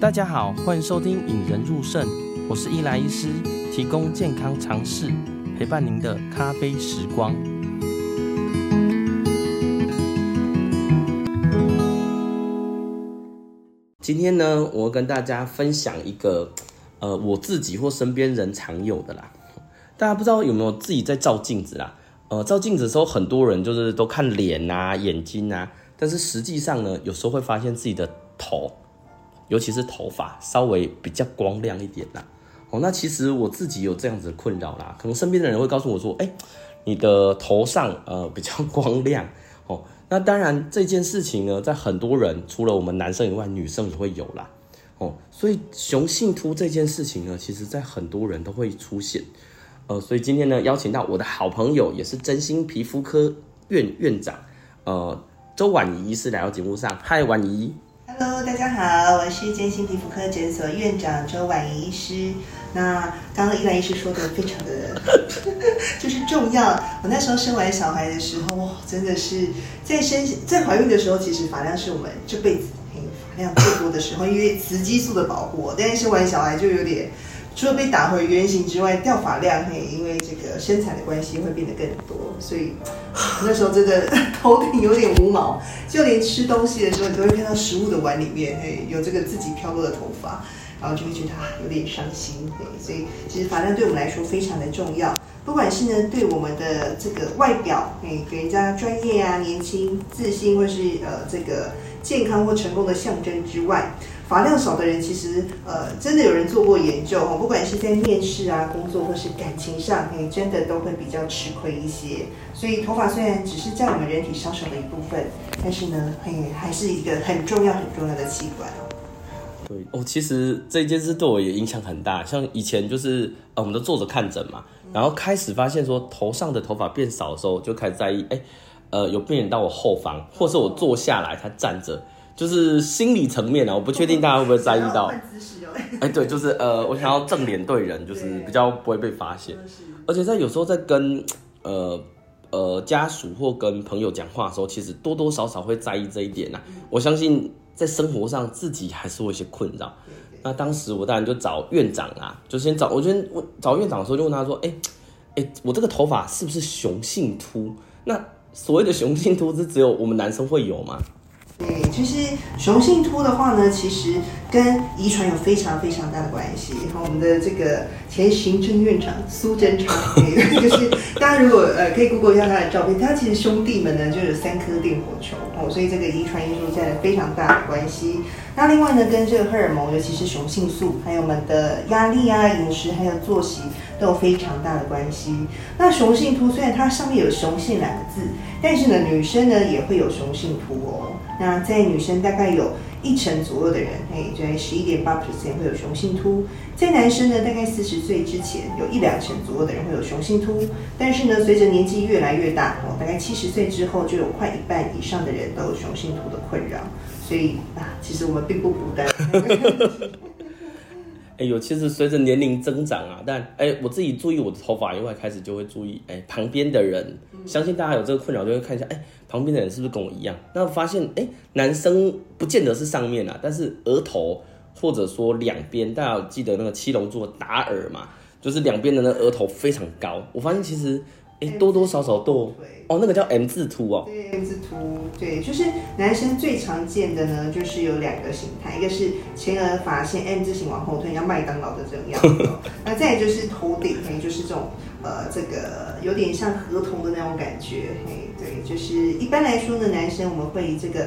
大家好，歡迎收聽《引人入腎》，我是伊萊醫師，提供健康常識，陪伴您的咖啡時光。今天呢，我要跟大家分享一個，呃，我自己或身邊人常有的啦。大家不知道有沒有自己在照鏡子啦？照鏡子的時候，很多人就是都看臉啊、眼睛啊。但是實際上呢，有時候會發現自己的頭，尤其是頭髮稍微比較光亮一點啦。哦，那其實我自己有這樣子的困擾啦，可能身邊的人會告訴我說，哎、欸，你的頭上呃比較光亮。哦，那當然這件事情呢，在很多人除了我們男生以外，女生也會有啦。哦，所以雄性禿這件事情呢，其實在很多人都會出現。呃，所以今天呢，邀請到我的好朋友，也是真心皮膚科院院長，呃，周宛儀醫師來到節目上。嗨，宛儀。Hello，大家好，我是真心皮膚科診所院長周宛儀醫師。那剛剛依蘭醫師說的非常的， 就是重要。我那時候生完小孩的時候，哇，真的是在生在懷孕的時候，其實髮量是我們這輩子髮、嗯、量最多的時候，因為雌激素的保護。但是生完小孩就有點，除了被打回原形之外，掉髮量嘿，因為這個生產的關係會變得更多，所以那時候真的頭頂有點無毛，就連吃東西的時候，你都會看到食物的碗裡面嘿有這個自己飄落的頭髮，然後就會覺得有點傷心，所以其實髮量對我們來說非常的重要，不管是呢對我們的這個外表嘿，給人家專業啊、年輕、自信，或是呃這個健康或成功的象徵之外。髮量少的人，其實呃，真的有人做過研究，不管是在面試啊、工作或是感情上，嘿，真的都會比較吃虧一些。所以頭髮雖然只是在我們人體上少的一部分，但是呢，嘿，還是一個很重要很重要的器官。對哦，其實這件事對我也影響很大。像以前就是呃，我們都坐着看診嘛，嗯，然後開始發現說頭上的頭髮變少的時候，就開始在意。哎，欸，呃，有病人到我後方，或是我坐下來，他站着。就是心理層面啊，我不確定大家會不會在意到。換 哎，對，就是呃，我想要正臉對人，就是比較不會被發現。就是、而且在有時候在跟呃呃家屬或跟朋友講話的時候，其實多多少少會在意這一點啊。嗯、我相信在生活上自己還是會有一些困擾。那當時我當然就找院長啊，就先找，我先問找院長的時候就問他說：“哎、欸欸、我這個頭髮是不是雄性禿？那所謂的雄性禿是只有我們男生會有嗎？”哎，就是雄性禿的話呢，其實跟遺傳有非常非常大的關係。然後我們的這個前行政院長蘇貞昌，就是大家如果呃可以 Google 一下他的照片，他其實兄弟們呢就有三顆電火球哦，所以這個遺傳因素佔了非常大的關係。那另外呢，跟這個荷爾蒙，尤其是雄性素，還有我們的壓力啊、飲食還有作息都有非常大的關係。那雄性禿雖然它上面有雄性兩個字，但是呢，女生呢也會有雄性禿哦。那在女生大概有一成左右的人，哎，在十一點八 percent 會有雄性禿，在男生呢，大概四十歲之前有一兩成左右的人會有雄性禿，但是呢，隨着年紀越來越大，哦，大概七十歲之後就有快一半以上的人都有雄性禿的困擾。所以啊，其實我們並不孤單。 哎、欸、呦，其實隨着年齡增長啊，但哎、欸，我自己注意我的頭髮，以外開始就會注意哎、欸，旁邊的人，相信大家有這個困擾，就會看一下哎、欸，旁邊的人是不是跟我一樣？那我發現哎、欸，男生不見得是上面啊，但是額頭或者說兩邊，大家有記得那個七龍珠的達爾嘛，就是兩邊的那額頭非常高，我發現其實哎、欸，多多少少都有。哦，那個叫 M 字禿哦。對，M 字禿，對，就是男生最常見的呢，就是有兩個形態，一個是前額髮線 M 字形往後退，像麥當勞的這種樣子。 那再就是頭頂，就是這種呃，這個有點像河童的那種感覺。嘿，對，就是一般來說呢，男生我們會以這個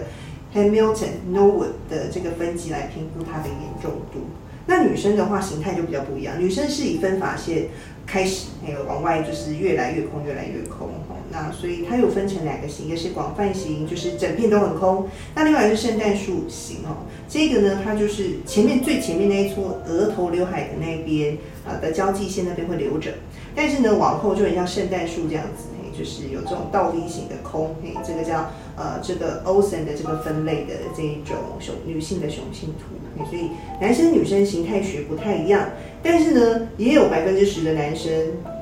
Hamilton Norwood 的這個分級來評估它的嚴重度。那女生的話形態就比較不一樣，女生是以分髮線開始，那個往外就是越來越空，越來越空。那所以它有分成兩個型，一個是廣泛型，就是整片都很空；那另外一個是聖誕樹型哦。這個呢，它就是前面最前面那一撮額頭劉海的那邊啊、呃、的交界線那邊會留着，但是呢往後就很像聖誕樹這樣子，就是有這種倒 V 型的空，這個叫呃這個 Olsen 的這個分類的這一種雄女性的雄性禿，所以男生女生形態學不太一樣，但是呢也有百分之十的男生。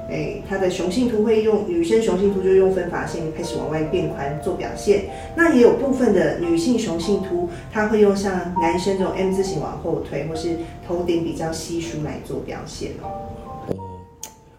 哎、欸，他的雄性禿會用，女生雄性禿就用分髮線開始往外變寬做表現。那也有部分的女性雄性禿，他會用像男生這種 M 字形往後退，或是頭頂比較稀疏來做表現哦。哦，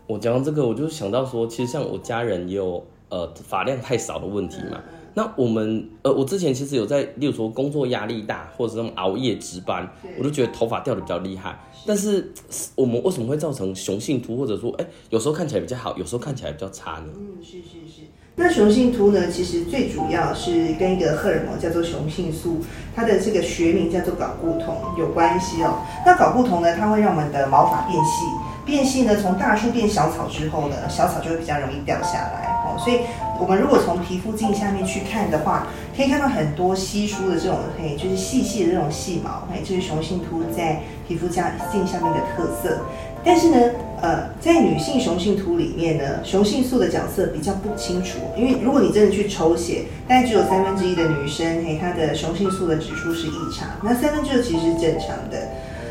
我講到這個，我就想到說，其實像我家人也有呃髮量太少的問題嘛。那我們呃，我之前其實有在，例如說工作壓力大，或者這種熬夜值班，我都覺得頭髮掉的比較厲害。但是我們為什麼會造成雄性禿，或者說哎，有時候看起來比較好，有時候看起來比較差呢？嗯，是是是。那雄性禿呢，其實最主要是跟一個荷爾蒙叫做雄性素，它的這個學名叫做睾固酮有關係哦。那睾固酮呢，它會讓我們的毛髮變細。變性呢，從大樹變小草之後呢，小草就會比較容易掉下來哦。所以，我們如果從皮膚鏡下面去看的話，可以看到很多稀疏的這種嘿，就是細細的這種細毛，嘿，這、就是雄性禿在皮膚鏡下面的特色。但是呢，呃，在女性雄性禿裡面呢，雄性素的角色比較不清楚，因為如果你真的去抽血，大概只有三分之一的女生嘿，她的雄性素的指數是異常，那三分之二其實是正常的。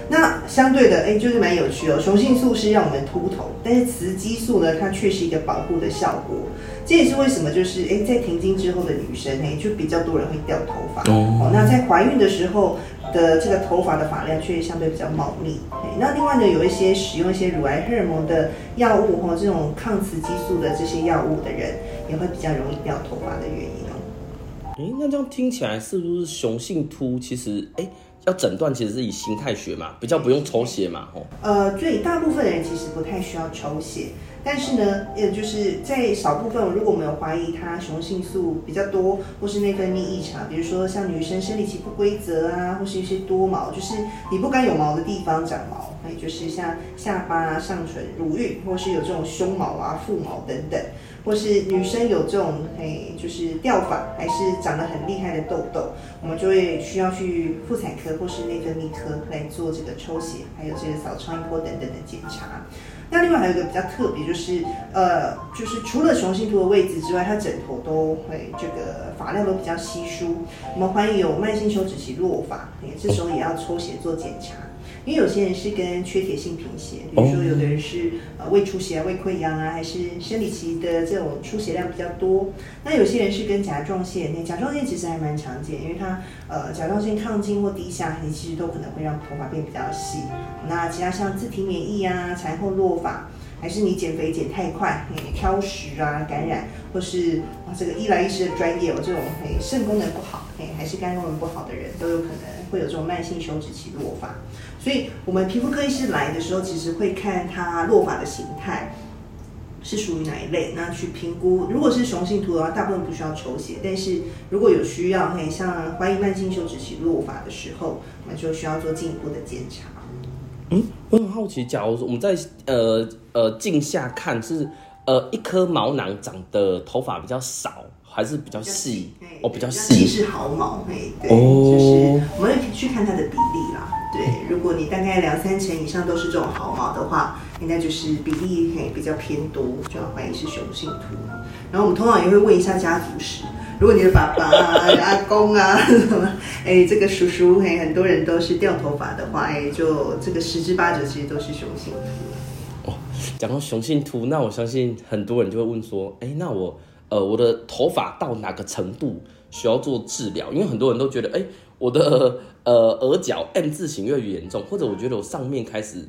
那相對的，哎、欸，就是蠻有趣哦。雄性素是讓我們禿頭，但是雌激素呢，它卻是一個保護的效果。這也是為什麼，就是哎、欸，在停經之後的女生，哎、欸，就比較多人會掉頭髮、嗯、哦。那在懷孕的時候的這個頭髮的髮量，卻相對比較茂密、欸。那另外呢，有一些使用一些乳癌荷爾蒙的藥物，哈、哦，這種抗雌激素的這些藥物的人，也會比較容易掉頭髮的原因哦。哎、欸，那這樣聽起來是不是雄性禿？其實，哎、欸。要診斷其實是以形態學嘛，比較不用抽血嘛，吼。呃，所以大部分的人其實不太需要抽血。但是呢，也就是在少部分，如果我們有懷疑它雄性素比較多，或是內分泌異常，比如說像女生生理期不規則啊，或是一些多毛，就是你不該有毛的地方長毛，也就是像下巴啊、上唇、乳暈，或是有這種胸毛啊、腹毛等等，或是女生有這種哎，就是掉髮，還是長得很厲害的痘痘，我們就會需要去婦產科或是內分泌科來做這個抽血，還有這個掃超音波等等的檢查。那另外還有一個比較特別，就是，呃，就是除了雄性禿的位置之外，它枕頭都會這個髮量都比較稀疏，我們懷疑有慢性休止期落髮，也這時候也要抽血做檢查。因為有些人是跟缺鐵性貧血，比如說有的人是呃胃出血、啊、胃潰瘍啊，還是生理期的這種出血量比較多。那有些人是跟甲狀腺，那甲狀腺其實還蠻常見，因為它呃甲狀腺亢進或低下，其實都可能會讓頭髮變比較細。那其他像自體免疫啊、產後落髮，還是你減肥減太快、挑食啊、感染，或是啊這個依賴醫師的專業，這種誒腎功能不好誒，還是肝功能不好的人都有可能。會有這種慢性休止期落髮，所以我們皮膚科醫師來的時候，其實會看它落髮的形態是屬於哪一類，那去評估。如果是雄性禿的話，大部分不需要抽血，但是如果有需要，嘿，像懷疑慢性休止期落髮的時候，那就需要做進一步的檢查。嗯，我很好奇，假如我們在呃呃鏡下看是呃一顆毛囊長的頭髮比較少，還是比較細哦、oh,，比較細是毫毛誒，對, oh. 對，就是我們可以去看它的比例啦。對，如果你大概兩三成以上都是這種毫毛的話，應該就是比例嘿比較偏多，就要懷疑是雄性禿。然後我們通常也會問一下家族史，如果你的爸爸、啊、 阿公啊什麼，哎、欸，這個叔叔嘿、欸，很多人都是掉頭髮的話，哎、欸，就這個十之八九其實都是雄性禿。哦、oh,，講到雄性禿，那我相信很多人就會問說，哎、欸，那我。呃，我的頭髮到哪個程度需要做治療？因為很多人都覺得，哎、欸，我的呃額角 M 字型越嚴重，或者我覺得我上面開始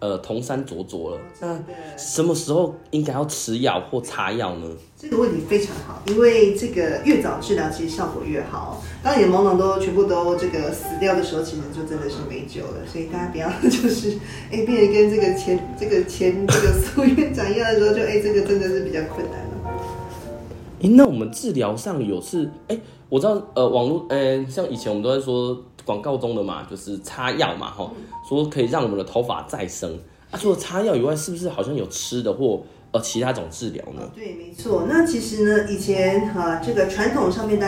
呃童山濯濯了，那什麼時候應該要吃藥或擦藥呢？這個問題非常好，因為這個越早治療其實效果越好。當你的毛囊都全部都這個死掉的時候，其實就真的是沒救了。所以大家不要就是哎、欸，變得跟這個，這個前這個前這個蘇院長一樣的時候，就哎、欸、這個真的是比較困難。欸、那我們治療上有是、欸、我知道呃，網絡、欸、像以前我們都在說廣告中的嘛，就是擦藥嘛，哈、嗯，說可以讓我們的頭髮再生。啊，除了擦藥以外，是不是好像有吃的或呃其他種治療呢、啊？對，沒錯。那其實呢，以前啊，這個傳統上面的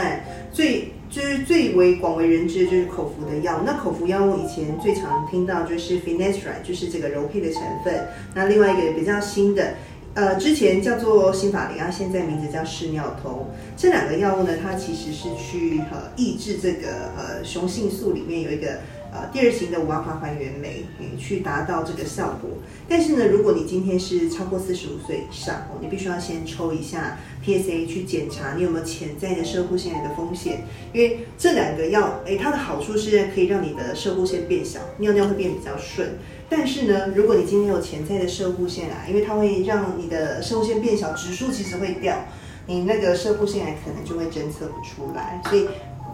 最就是最為廣為人知的就是口服的藥。那口服藥以前最常聽到就是 Finasteride 就是這個柔沛的成分。那另外一個比較新的。呃，之前叫做新髮靈亞、啊、現在名字叫適尿通。這兩個藥物呢，它其實是去呃抑制這個呃雄性素裡面有一個呃第二型的 5-α 還原酶、嗯，去達到這個效果。但是呢，如果你今天是超過四十五歲以上哦，你必須要先抽一下 PSA 去檢查你有沒有潛在的攝護腺癌的風險。因為這兩個藥，誒它的好處是可以讓你的攝護腺變小，尿尿會變比較順。但是呢，如果你今天有潛在的攝護腺癌啊，因為它會讓你的攝護腺變小，指數其實會掉，你那個攝護腺癌可能就會偵測不出來。所以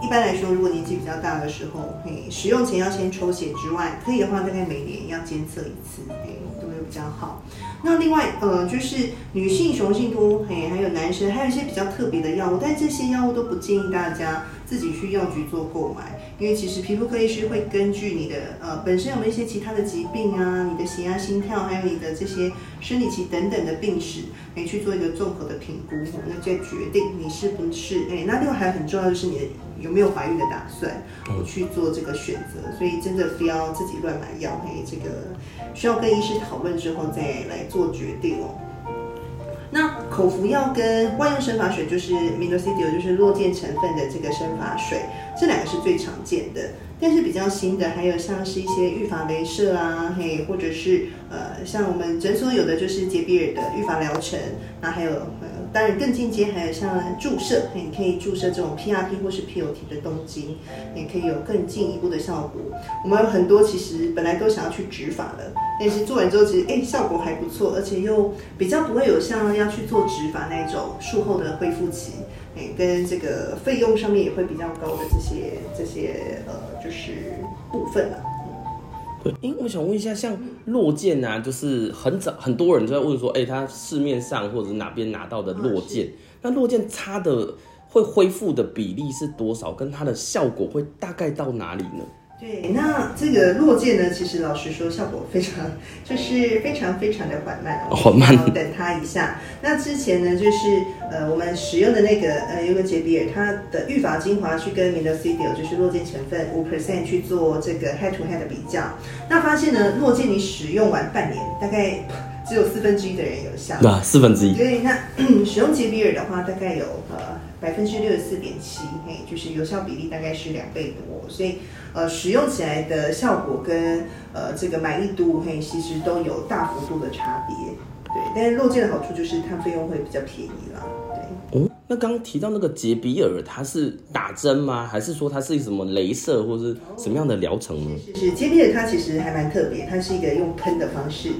一般來說，如果年紀比較大的時候，使用前要先抽血之外，可以的話，大概每年要監測一次，哎，都會比較好。那另外，呃，就是女性、雄性禿，還有男生，還有一些比較特別的藥物，但這些藥物都不建議大家自己去藥局做購買。因為其實皮膚科醫師會根據你的呃本身有沒有一些其他的疾病啊，你的血壓、心跳，還有你的這些生理期等等的病史，來、哎、去做一個綜合的評估，那再決定你是不是、哎、那另外還很重要的是你的有沒有懷孕的打算，我去做這個選擇。所以真的不要自己亂買藥，嘿、哎，這個需要跟醫師討論之後再來做決定哦。口服藥跟外用生髮水，就是 minoxidil，就是落建成分的這個生髮水，這兩個是最常見的。但是比較新的，還有像是一些育髮雷射啊，嘿，或者是呃，像我們診所有的就是潔比爾的育髮療程，那、啊、還有。呃當然，更進階還有像注射，你可以注射這種 PRP 或是 PLT 的凍晶，也可以有更進一步的效果。我們有很多其實本來都想要去植髮了，但是做完之後其實哎、欸、效果還不錯，而且又比較不會有像要去做植髮那種術後的恢復期，跟這個費用上面也會比較高的這些這些呃就是部分了、啊。因為我想問一下，像落健啊，就是很早很多人就在問說，哎，他市面上或者是哪邊拿到的落健，那落健差的會恢復的比例是多少？跟它的效果會大概到哪裡呢？對，那這個落健呢，其實老實說，效果非常，就是非常非常的緩慢哦，緩慢。等它一下。那之前呢，就是呃，我們使用的那個呃，有個潔比爾，它的育髮精華去跟 Minoxidil 就是落健成分五 percent 去做這個 head to head 的比較，那發現呢，落健你使用完半年，大概只有四分之一的人有效。那、啊、四分之一。對，那使用潔比爾的話，大概有。呃百分之六十四點七，嘿，就是有效比例大概是兩倍多，所以，呃，使用起來的效果跟呃這個滿意度，嘿，其實都有大幅度的差別。對，但是落健的好處就是它費用會比較便宜啦。對。哦，那剛剛提到那個潔比爾，它是打針嗎？還是說它是什麼雷射或者是什麼樣的療程呢？哦，是，是是，潔比爾它其實還蠻特別，它是一個用噴的方式。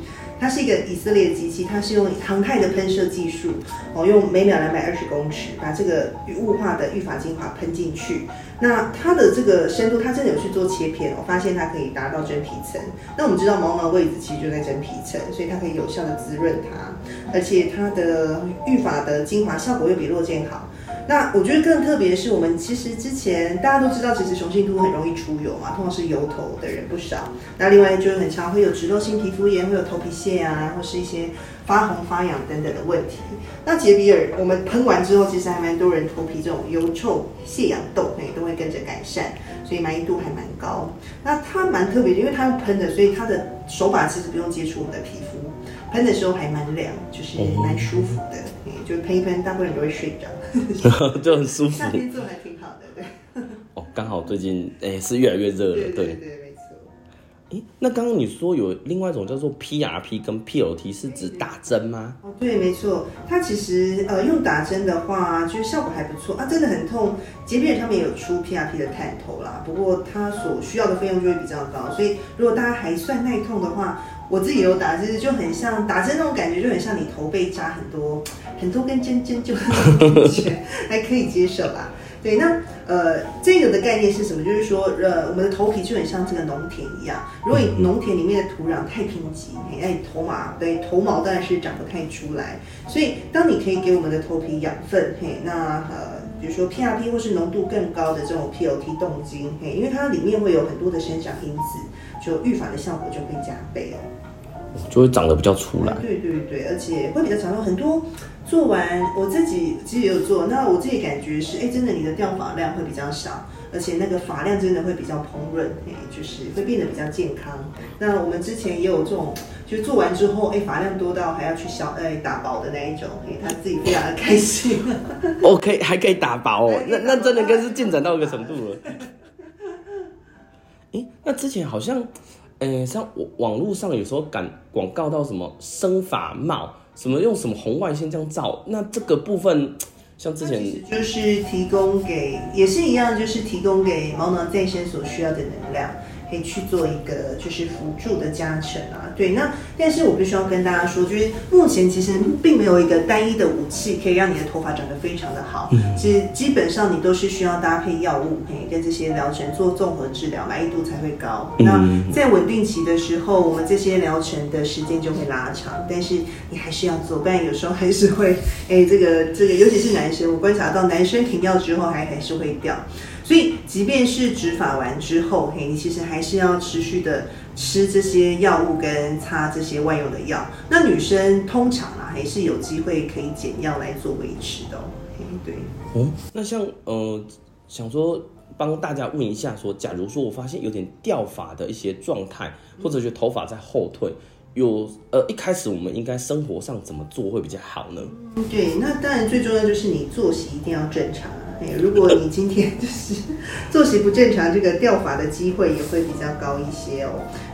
它是一個以色列的機器，它是用以航太的噴射技術，哦，用每秒兩百二十公尺把這個霧化的育髮精華噴進去。那它的這個深度，它真的有去做切片，我發現它可以達到真皮層。那我們知道毛囊的位置其實就在真皮層，所以它可以有效的滋潤它，而且它的育髮的精華效果又比落健好。那我覺得更特別的是，我們其實之前大家都知道，其實雄性禿很容易出油嘛，通常是油頭的人不少。那另外就是很常會有脂漏性皮膚炎，會有頭皮屑啊，或是一些發紅發癢等等的問題。那潔比爾我們噴完之後，其實還蠻多人頭皮這種油、臭、屑、癢、痘，哎，都會跟着改善，所以滿意度還蠻高。那它蠻特別的，因為它要噴的，所以它的手法其實不用接觸我們的皮膚，噴的時候還蠻涼，就是蠻舒服的，就噴一噴，大部分人都會睡着。 就很舒服，夏天做還挺好的，對。 哦，剛好最近、欸、是越來越熱了， 對,對對對，沒錯、欸。那剛剛你說有另外一種叫做 PRP 跟 PLT，是指打針嗎？哦，對，沒錯，它其實呃用打針的話，就是效果還不錯啊，真的很痛。潔比爾上面有出 PRP 的探頭啦，不過它所需要的費用就會比較高，所以如果大家還算耐痛的話。我自己有打，就是就很像打針那種感覺，就很像你頭被扎很多很多根針針，就那種感覺，還可以接受吧？對，那呃，這個的概念是什麼？就是說，呃，我們的頭皮就很像這個農田一樣，如果你農田裡面的土壤太貧瘠，嘿，那你頭毛，對，頭毛當然是長不太出來。所以，當你可以給我們的頭皮養分，嘿，那呃。比如說 PRP 或是濃度更高的這種 PLT 凍晶，嘿，因為它裡面會有很多的生長因子，就預防的效果就會加倍哦，就會長得比較出來。對對對，對，而且會比較長，用很多。做完。我自己其實也有做，那我自己感覺是，哎，真的你的掉髮量會比較少。而且那個髮量真的會比較蓬潤、欸，就是會變得比較健康。那我們之前也有這種，就是做完之後，哎、欸，髮量多到還要去削，哎、欸，打薄的那一種、欸，他自己非常的開心。 開心 OK，還可以打薄哦、喔，薄那那真的更是進展到一個程度了。哎、 欸，那之前好像、欸，像網路上有時候敢廣告到什麼生髮帽，什麼用什麼紅外線這樣照，那這個部分。像之前，其實就是提供給也是一樣，就是提供給毛囊再生所需要的能量。可以去做一個就是輔助的加成啊，對，那但是我必須要跟大家說，就是目前其實並沒有一個單一的武器可以讓你的頭髮長得非常的好，嗯，其實基本上你都是需要搭配藥物，以、欸、跟這些療程做綜合治療，滿意度才會高。嗯、那在穩定期的時候，我們這些療程的時間就會拉長，但是你還是要做，不然有時候還是會，哎、欸，這個這個，尤其是男生，我觀察到男生停藥之後還還是會掉。所以，即便是植髮完之後，嘿，你其實還是要持續的吃這些藥物跟擦這些外用的藥。那女生通常啊，還是有機會可以減藥來做維持的哦。嘿，對。嗯，那像呃，想說幫大家問一下說，假如說我發現有點掉髮的一些狀態，或者是頭髮在後退，有呃，一開始我們應該生活上怎麼做會比較好呢？對，那當然最重要就是你作息一定要正常。哎、如果你今天就是作息不正常，這個掉髮的機會也會比較高一些哦。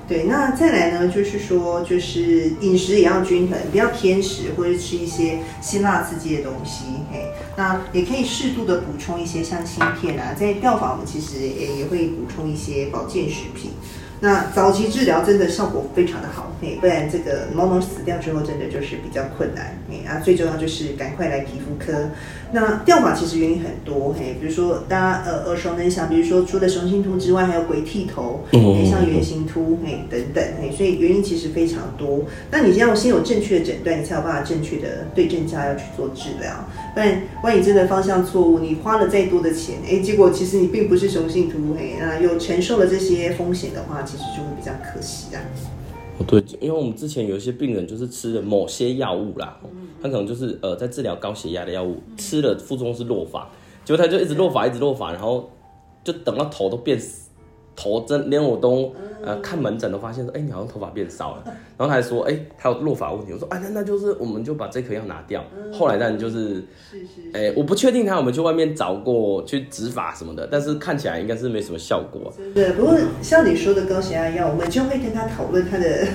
對，那再來呢，就是說，就是飲食也要均衡，不要偏食，或者吃一些辛辣刺激的東西、哎。那也可以適度的補充一些像鋅片啊，在掉髮我們其實也也會補充一些保健食品。那早期治療真的效果非常的好，嘿，不然這個毛囊死掉之後真的就是比較困難，啊，最重要就是趕快來皮膚科。那掉髮其實原因很多，嘿，比如說大家呃耳熟能詳，比如說除了雄性禿之外，還有鬼剃頭，像圓形禿，等等，所以原因其實非常多。那你要先有正確的診斷，你才有辦法正確的對症下藥去做治療。但萬一真的方向錯誤，你花了再多的錢，哎、欸，結果其實你並不是雄性禿，嘿，那又承受了這些風險的話，其實就會比較可惜啊。對，因為我們之前有一些病人就是吃了某些藥物啦，他可能就是呃在治療高血壓的藥物，吃了副作用是落髮，結果他就一直落髮，一直落髮，然後就等到頭都變死。頭真連我都呃看門診都發現說，哎、欸，你好像頭髮變少了。然後他還說，哎、欸，他有落髮問題。我說，哎、欸，那那就是我們就把這顆藥拿掉。後來呢，就是哎、欸，我不確定他，有沒有去外面找過去植髮什麼的，但是看起來應該是沒什麼效果、啊。對，不過像你說的高血壓藥，我們就會跟他討論他的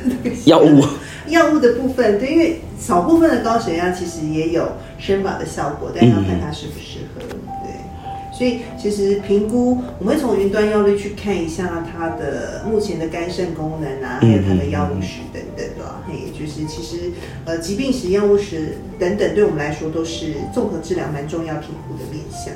藥物藥物的部分。對，因為少部分的高血壓其實也有生髮的效果，但是要看他適不適合。嗯所以其實評估，我們會從雲端藥歷去看一下他的目前的肝腎功能啊，還有他的藥物史等等咯。嘿、嗯嗯嗯，就是其實呃疾病史、藥物史等等，對我們來說都是綜合治療蠻重要評估的面向。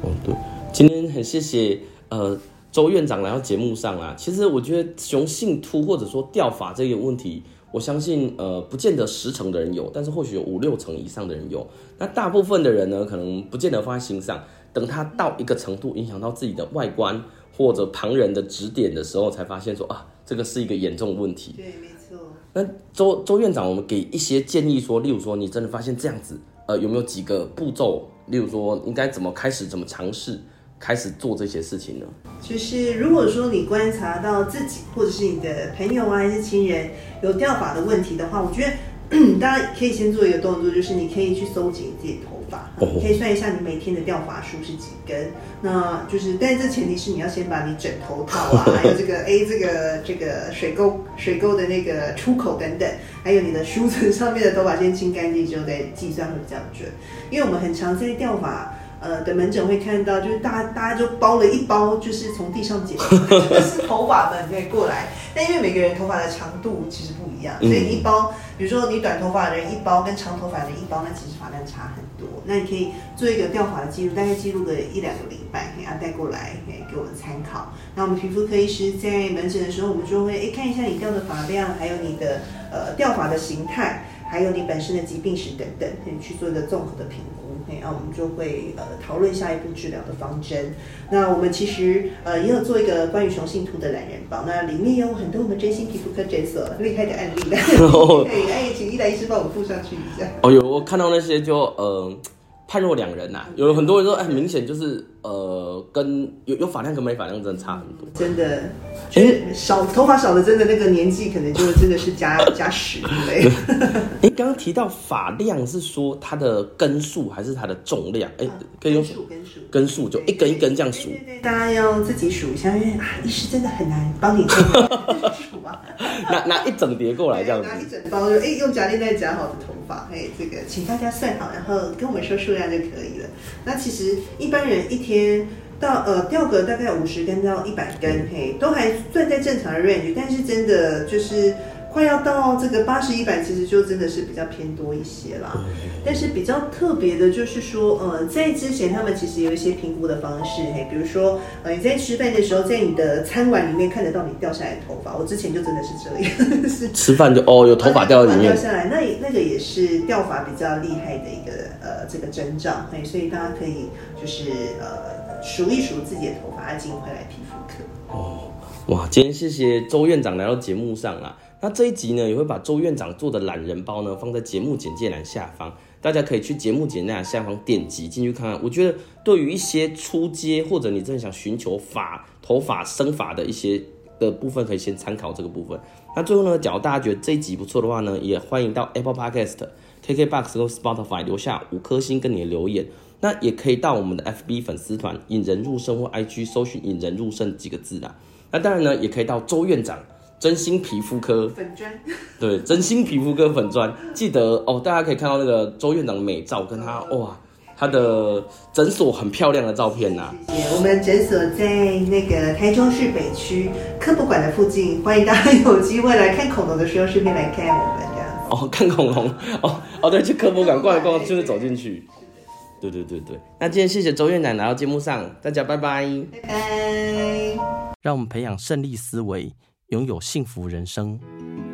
哦，對，今天很謝謝呃周院長來到節目上啊。其實我覺得雄性禿或者說掉髮這個問題，我相信呃不見得十成的人有，但是或許有五六成以上的人有。那大部分的人呢，可能不見得放在心上。等他到一個程度，影響到自己的外觀或者旁人的指點的時候，才發現說啊，這個是一個嚴重問題。對，沒錯。那周周院長，我們給一些建議說，例如說你真的發現這樣子，呃，有沒有幾個步驟？例如說應該怎麼開始，怎麼嘗試開始做這些事情呢？就是如果說你觀察到自己或者是你的朋友啊，還是親人有掉髮的問題的話，我覺得大家可以先做一個動作，就是你可以去收集自己頭。嗯、可以算一下你每天的掉髮數是幾根，那就是，但這前提是你要先把你枕頭套啊，還有這個 A、欸、這個這個水溝水溝的那個出口等等，還有你的梳子上面的頭髮先清乾淨，之後再計算會比較準。因為我們很常在掉髮，呃，的門診會看到就是大家大家就包了一包，就是從地上撿的 是頭髮嘛、你可以過來，但因為每個人頭髮的長度其實不一樣，所以一包，比如說你短頭髮的人一包，跟長頭髮的人一包，那其實髮量差很多。那你可以做一個掉髮的記錄，大概記錄個一兩個禮拜，你要帶過來給我參考。那我們皮膚科醫師在門診的時候，我們就會誒、欸、看一下你掉的髮量，還有你的呃掉髮的形態。還有你本身的疾病史等等，去做一個綜合的評估。哎，然後我們就會呃討論下一步治療的方針。那我們其實呃也有做一個關於雄性禿的懶人包，那裡面有很多我們真心皮膚科診所厲害的案例的。然後，哎，請一來醫師幫我附上去一下。哦、哎、呦，我看到那些就呃。判若兩人吶、啊，有很多人說，哎，很明顯就是，呃，跟有有髮量跟沒髮量真的差很多，真的，哎、欸，少，頭髮少的真的那個年紀可能就真的是加 加十之類，因為剛剛提到髮量是說它的根數還是它的重量？哎、欸啊，可以用數根數根數，根數就一根一根，一根這樣數。對，對，對，大家要自己數一下，因為啊，醫師真的很難幫你。 拿拿一整疊過來這樣子，拿一整包就哎、欸、用夾鏈袋夾好的頭髮，嘿，這個請大家算好，然後跟我們說數量就可以了。那其實一般人一天到呃掉個大概五十根到一百根，嘿都還算在正常的 range，但是真的就是。快要到這個八十一百，其實就真的是比較偏多一些啦。但是比較特別的就是說，呃，在之前他們其實有一些評估的方式，嘿，比如說，呃，你在吃飯的時候，在你的餐碗裡面看得到你掉下來的頭髮。我之前就真的是這樣，吃飯就哦，有頭髮掉頭髮掉下來，那那個也是掉髮比較厲害的一個呃這個徵兆，嘿、欸，所以大家可以就是呃數一數自己的頭髮，盡快來皮膚科。哦，哇，今天謝謝周院長來到節目上啦、啊。那這一集呢，也會把周院長做的懶人包呢放在節目簡介欄下方，大家可以去節目簡介欄下方點擊進去看看。我覺得對於一些初階或者你真的想尋求髮、頭髮、生髮的一些的部分，可以先參考這個部分。那最後呢，假如大家覺得這一集不錯的話呢，也歡迎到 Apple Podcast、KKBox 跟 Spotify 留下五顆星跟你的留言。那也可以到我們的 FB 粉絲團“引人入腎”或 IG 搜尋“引人入腎”幾個字啦。那當然呢，也可以到周院長。真心皮膚科粉專。 對，真心皮膚科粉專，記得哦、喔，大家可以看到那個周院長的美照，跟他，嗯、哇，他的診所很漂亮的照片吶，啊。謝謝謝謝，我們診所在那個台中市北區科博館的附近，歡迎大家有機會來看恐龍的時候，順便來看我們家。哦、喔，看恐龍，哦、喔、哦、喔、對，去科博館，嗯、逛一逛就是走進去。對對對對，那今天謝謝周院長來到節目上，大家拜拜，拜拜。讓我們培養腎利思維，擁有幸福人生。